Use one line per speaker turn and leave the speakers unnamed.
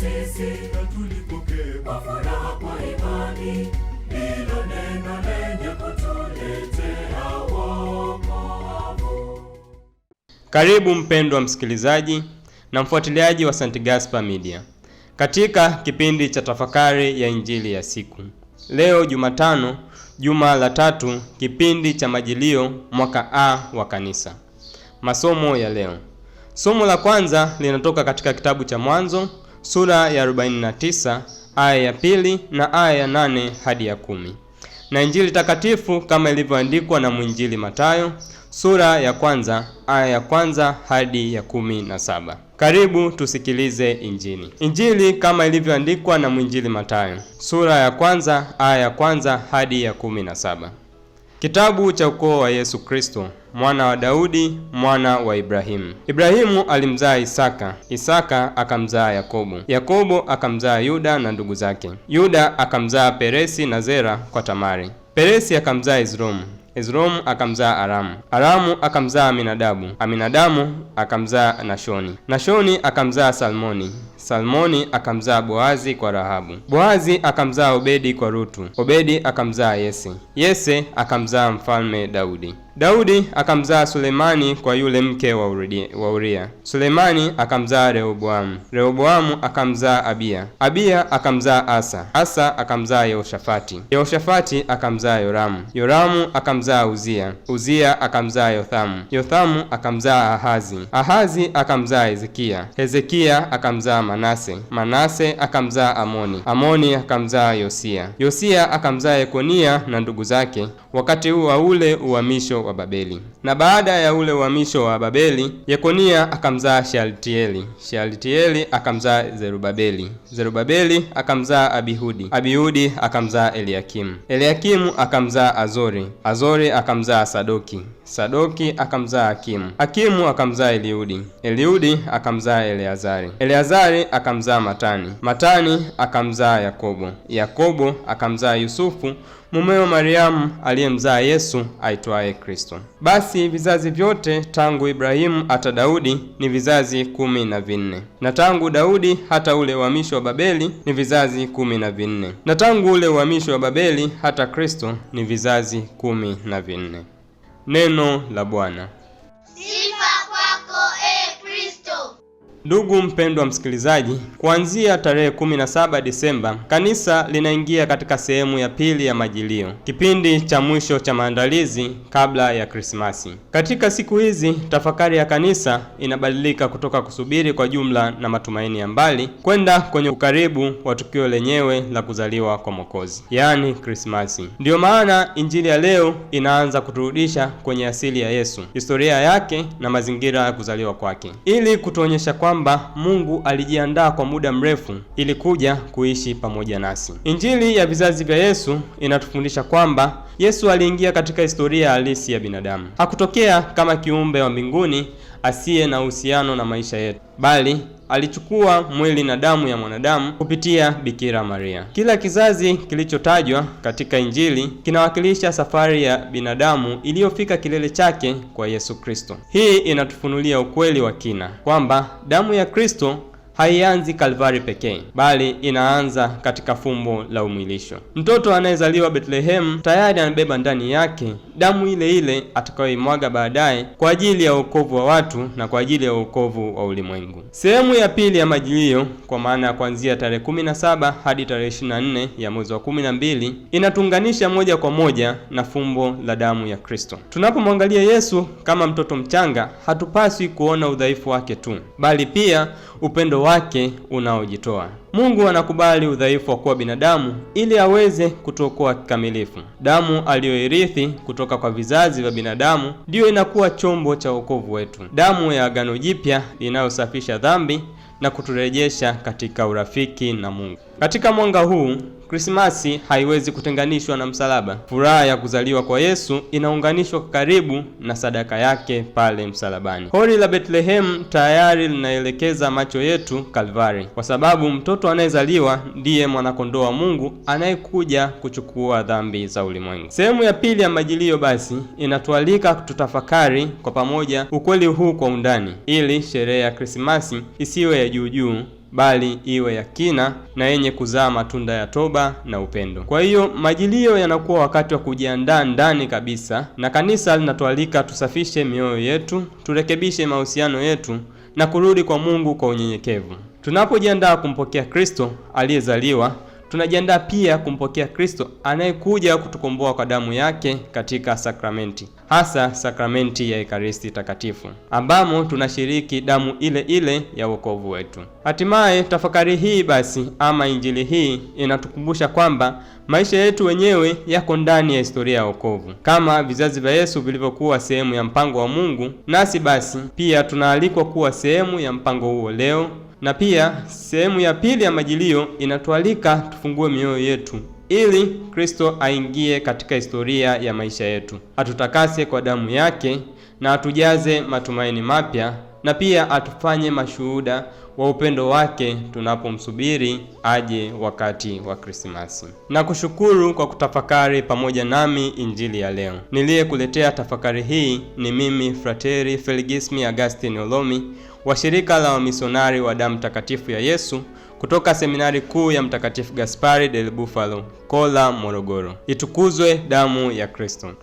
sisi na tulipokee kwa furaha kwa imani hilo neno lenye kutuletea wokovu. Karibu mpendwa msikilizaji na mfuatiliaji wa St. Gaspar Media katika kipindi cha tafakari ya injili ya siku leo Jumatano, juma la tatu, kipindi cha Majilio, mwaka A wa Kanisa. Masomo ya leo, somo la kwanza linatoka katika kitabu cha Mwanzo sura ya 49 aya ya pili na aya ya nane hadi ya kumi na Injili takatifu kama ilivyoandikwa na mwinjili Matayo sura ya kwanza aya ya kwanza hadi ya kumi na saba. Karibu tusikilize Injili. Injili kama ilivyoandikwa na mwinjili Matayo sura ya kwanza aya ya kwanza hadi ya kumi na saba. Kitabu cha ukoo wa Yesu Kristo, mwana wa Daudi, mwana wa Ibrahimu. Ibrahimu alimzaa Isaka, Isaka akamzaa Yakobo, Yakobo akamzaa Yuda na ndugu zake, Yuda akamzaa Peresi na Zera kwa Tamari, Peresi akamzaa ezromu ezromu akamzaa Aramu, Aramu akamzaa Aminadabu, aminadamu akamzaa Nashoni, Nashoni akamzaa Salmoni Salmoni akamzaa Boazi kwa Rahabu. Boazi akamzaa Obedi kwa Rutu. Obedi akamzaa Yese. Yese akamzaa mfalme Daudi. Daudi akamzaa Sulemani kwa yule mke wa Uria. Sulemani akamzaa Rehoboamu. Rehoboamu akamzaa Abiya. Abiya akamzaa Asa. Asa akamzaa Yehoshafati. Yehoshafati akamzaa Yoramu. Yoramu akamzaa Uzia. Uzia akamzaa Yothamu. Yothamu akamzaa Ahazi. Ahazi akamzaa Hezekia. Hezekia akamzaa Manase. Manase akamzaa Amoni. Amoni akamzaa Yosia. Yosia akamzaa Yekonia na ndugu zake, wakati wa ule uhamisho wa Babeli. Na baada ya ule uhamisho wa Babeli, Yekonia akamzaa Shaltieli. Shaltieli akamzaa Zerubabeli. Zerubabeli akamzaa Abihudi. Abihudi akamzaa Eliakimu. Eliakimu akamzaa Azori. Azori akamzaa Sadoki. Sadoki akamzaa Akimu. Akimu akamzaa Eliudi. Eliudi akamzaa Eleazari. Eleazari naye akamzaa Matani, Matani akamzaa Yakobo, Yakobo akamzaa Yusufu mumewe Mariamu aliyemzaa Yesu aitwaye Kristo. Basi vizazi vyote tangu Ibrahimu hata Daudi ni vizazi kumi na vinne, na tangu Daudi hata ule uhamisho wa Babeli ni vizazi kumi na vinne, na tangu ule uhamisho wa Babeli hata Kristo ni vizazi kumi na vinne. Neno la Bwana.
Ndugu mpendwa msikilizaji, kuanzia tarehe 17 Disemba kanisa linaingia katika sehemu ya pili ya majilio, kipindi cha mwisho cha maandalizi kabla ya Krismasi. Katika siku hizi tafakari ya kanisa inabadilika kutoka kusubiri kwa jumla na matumaini ya mbali kwenda kwenye ukaribu wa tukio lenyewe la kuzaliwa kwa Mwokozi, yaani Krismasi. Ndiyo maana injili ya leo inaanza kuturudisha kwenye asili ya Yesu, historia yake na mazingira ya kuzaliwa kwake, ili kutuonyesha kwamba kwamba Mungu alijiandaa kwa muda mrefu ili kuja kuishi pamoja nasi. Injili ya vizazi vya Yesu inatufundisha kwamba Yesu aliingia katika historia halisi ya binadamu. Hakutokea kama kiumbe wa mbinguni asiye na uhusiano na maisha yetu, bali alichukua mwili na damu ya mwanadamu kupitia Bikira Maria. Kila kizazi kilichotajwa katika Injili kinawakilisha safari ya binadamu iliyofika kilele chake kwa Yesu Kristo. Hii inatufunulia ukweli wa kina kwamba damu ya Kristo haianzi Kalvari pekee, bali inaanza katika fumbo la umwilisho. Mtoto anayezaliwa Betlehemu tayari anabeba ndani yake damu ile ile atakayoimwaga baadaye kwa ajili ya wokovu wa watu na kwa ajili ya wokovu wa ulimwengu. Sehemu ya pili ya majilio, kwa maana ya kuanzia tarehe 17 hadi tarehe nne ya mwezi wa mbili inatunganisha moja kwa moja na fumbo la damu ya Kristo. Tunapomwangalia Yesu kama mtoto mchanga, hatupaswi kuona udhaifu wake tu, bali pia upendo wake unaojitoa. Mungu anakubali udhaifu wa kuwa binadamu ili aweze kutuokoa kikamilifu. Damu aliyoirithi kutoka kwa vizazi vya binadamu ndiyo inakuwa chombo cha wokovu wetu, damu ya agano jipya inayosafisha dhambi na kuturejesha katika urafiki na Mungu. Katika mwanga huu Krismasi haiwezi kutenganishwa na msalaba. Furaha ya kuzaliwa kwa Yesu inaunganishwa karibu na sadaka yake pale msalabani. Holi la Betlehemu tayari linaelekeza macho yetu Kalvari, kwa sababu mtoto anayezaliwa ndiye mwanakondoo wa Mungu anayekuja kuchukua dhambi za ulimwengu. Sehemu ya pili ya Majilio basi inatualika tutafakari kwa pamoja ukweli huu kwa undani, ili sherehe ya Krismasi isiwe ya juujuu bali iwe ya kina na yenye kuzaa matunda ya toba na upendo. Kwa hiyo majilio yanakuwa wakati wa kujiandaa ndani kabisa, na kanisa linatualika tusafishe mioyo yetu, turekebishe mahusiano yetu na kurudi kwa Mungu kwa unyenyekevu. Tunapojiandaa kumpokea Kristo aliyezaliwa tunajiandaa pia kumpokea Kristo anayekuja kutukomboa kwa damu yake katika sakramenti, hasa sakramenti ya Ekaristi Takatifu, ambamo tunashiriki damu ile ile ya wokovu wetu. Hatimaye tafakari hii basi, ama injili hii inatukumbusha kwamba maisha yetu wenyewe yako ndani ya historia ya wokovu. Kama vizazi vya Yesu vilivyokuwa sehemu ya mpango wa Mungu, nasi basi pia tunaalikwa kuwa sehemu ya mpango huo leo na pia sehemu ya pili ya majilio inatualika tufungue mioyo yetu ili Kristo aingie katika historia ya maisha yetu, atutakase kwa damu yake na atujaze matumaini mapya na pia atufanye mashuhuda wa upendo wake tunapomsubiri aje wakati wa Krismasi. Na kushukuru kwa kutafakari pamoja nami injili ya leo. Niliyekuletea tafakari hii ni mimi Frateri Felgismi Agustin Olomi wa shirika la wamisionari wa damu takatifu ya Yesu kutoka seminari kuu ya Mtakatifu Gaspari del Bufalo, Kola, Morogoro. Itukuzwe damu ya Kristo!